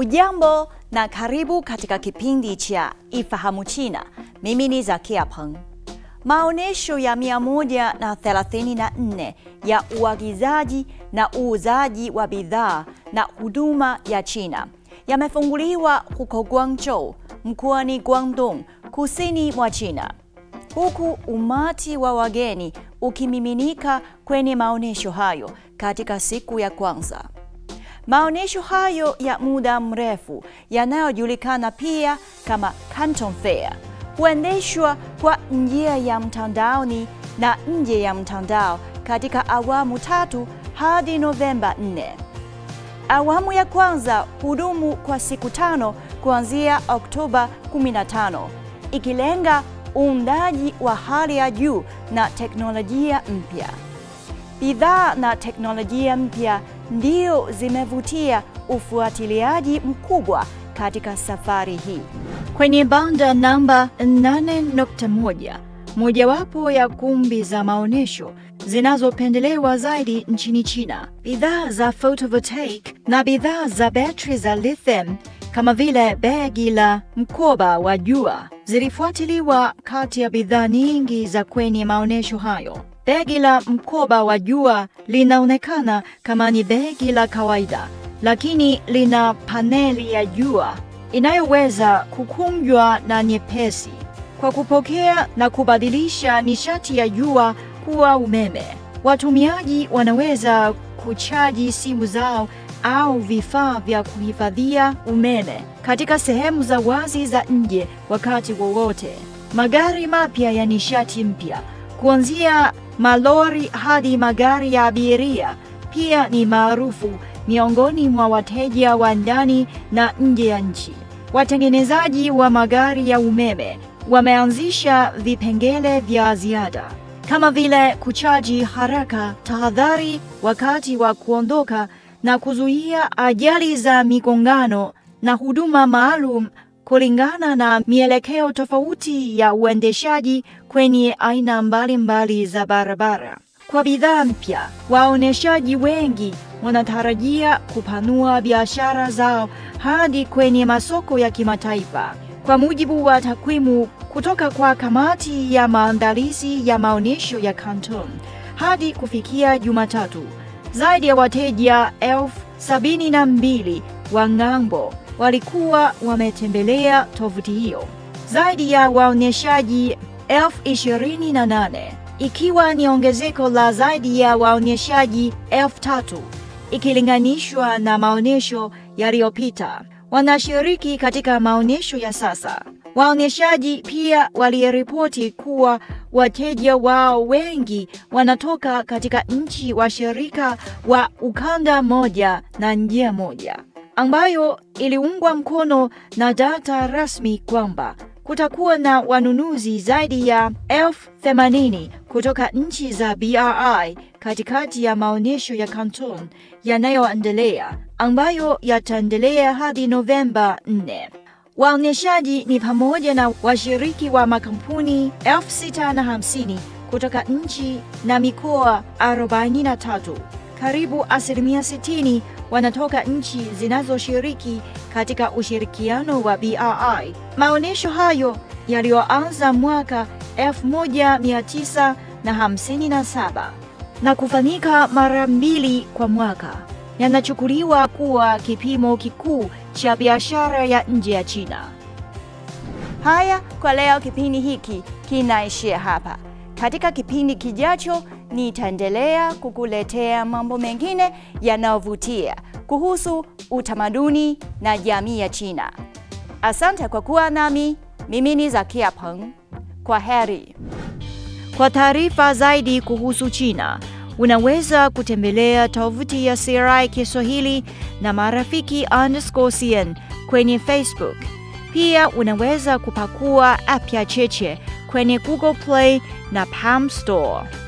Ujambo na karibu katika kipindi cha Ifahamu China. Mimi ni Zakia Peng. Maonyesho ya 134 ya uagizaji na uuzaji wa bidhaa na huduma ya China yamefunguliwa huko Guangzhou, mkoani Guangdong, kusini mwa China, huku umati wa wageni ukimiminika kwenye maonyesho hayo katika siku ya kwanza. Maonyesho hayo ya muda mrefu yanayojulikana pia kama Canton Fair huendeshwa kwa njia ya mtandaoni na nje ya mtandao katika awamu tatu hadi Novemba 4. Awamu ya kwanza hudumu kwa siku tano kuanzia Oktoba 15, ikilenga uundaji wa hali ya juu na teknolojia mpya. Bidhaa na teknolojia mpya ndio zimevutia ufuatiliaji mkubwa katika safari hii. Kwenye banda namba 8.1, mojawapo ya kumbi za maonyesho zinazopendelewa zaidi nchini China, bidhaa za photovoltaic na bidhaa za betri za lithium kama vile begi la mkoba wa jua zilifuatiliwa kati ya bidhaa nyingi za kwenye maonyesho hayo. Begi la mkoba wa jua linaonekana kama ni begi la kawaida, lakini lina paneli ya jua inayoweza kukunjwa na nyepesi kwa kupokea na kubadilisha nishati ya jua kuwa umeme. Watumiaji wanaweza kuchaji simu zao au vifaa vya kuhifadhia umeme katika sehemu za wazi za nje wakati wowote. Magari mapya ya nishati mpya Kuanzia malori hadi magari ya abiria pia ni maarufu miongoni mwa wateja wa ndani na nje ya nchi. Watengenezaji wa magari ya umeme wameanzisha vipengele vya ziada kama vile kuchaji haraka, tahadhari wakati wa kuondoka na kuzuia ajali za migongano na huduma maalum kulingana na mielekeo tofauti ya uendeshaji kwenye aina mbalimbali za barabara. Kwa bidhaa mpya, waoneshaji wengi wanatarajia kupanua biashara zao hadi kwenye masoko ya kimataifa. Kwa mujibu wa takwimu kutoka kwa kamati ya maandalizi ya maonyesho ya Canton, hadi kufikia Jumatatu, zaidi ya wateja elfu sabini na mbili wa ng'ambo walikuwa wametembelea tovuti hiyo, zaidi ya waonyeshaji elfu ishirini na nane ikiwa ni ongezeko la zaidi ya waonyeshaji elfu tatu ikilinganishwa na maonyesho yaliyopita. Wanashiriki katika maonyesho ya sasa. Waonyeshaji pia waliripoti kuwa wateja wao wengi wanatoka katika nchi washirika wa ukanda moja na njia moja ambayo iliungwa mkono na data rasmi kwamba kutakuwa na wanunuzi zaidi ya 80 kutoka nchi za BRI katikati ya maonyesho ya Canton yanayoendelea ambayo yataendelea hadi Novemba 4. Waonyeshaji ni pamoja na washiriki wa makampuni 650 kutoka nchi na mikoa 43. Karibu asilimia 60 wanatoka nchi zinazoshiriki katika ushirikiano wa BRI. Maonyesho hayo yaliyoanza mwaka 1957 na, na kufanyika mara mbili kwa mwaka yanachukuliwa kuwa kipimo kikuu cha biashara ya nje ya China. Haya kwa leo, kipindi hiki kinaishia hapa. Katika kipindi kijacho nitaendelea kukuletea mambo mengine yanayovutia kuhusu utamaduni na jamii ya China. Asante kwa kuwa nami. Mimi ni Zakia Peng. Kwa heri. Kwa taarifa zaidi kuhusu China unaweza kutembelea tovuti ya CRI Kiswahili na marafiki underscore cn kwenye Facebook. Pia unaweza kupakua app ya Cheche kwenye Google Play na Palm Store.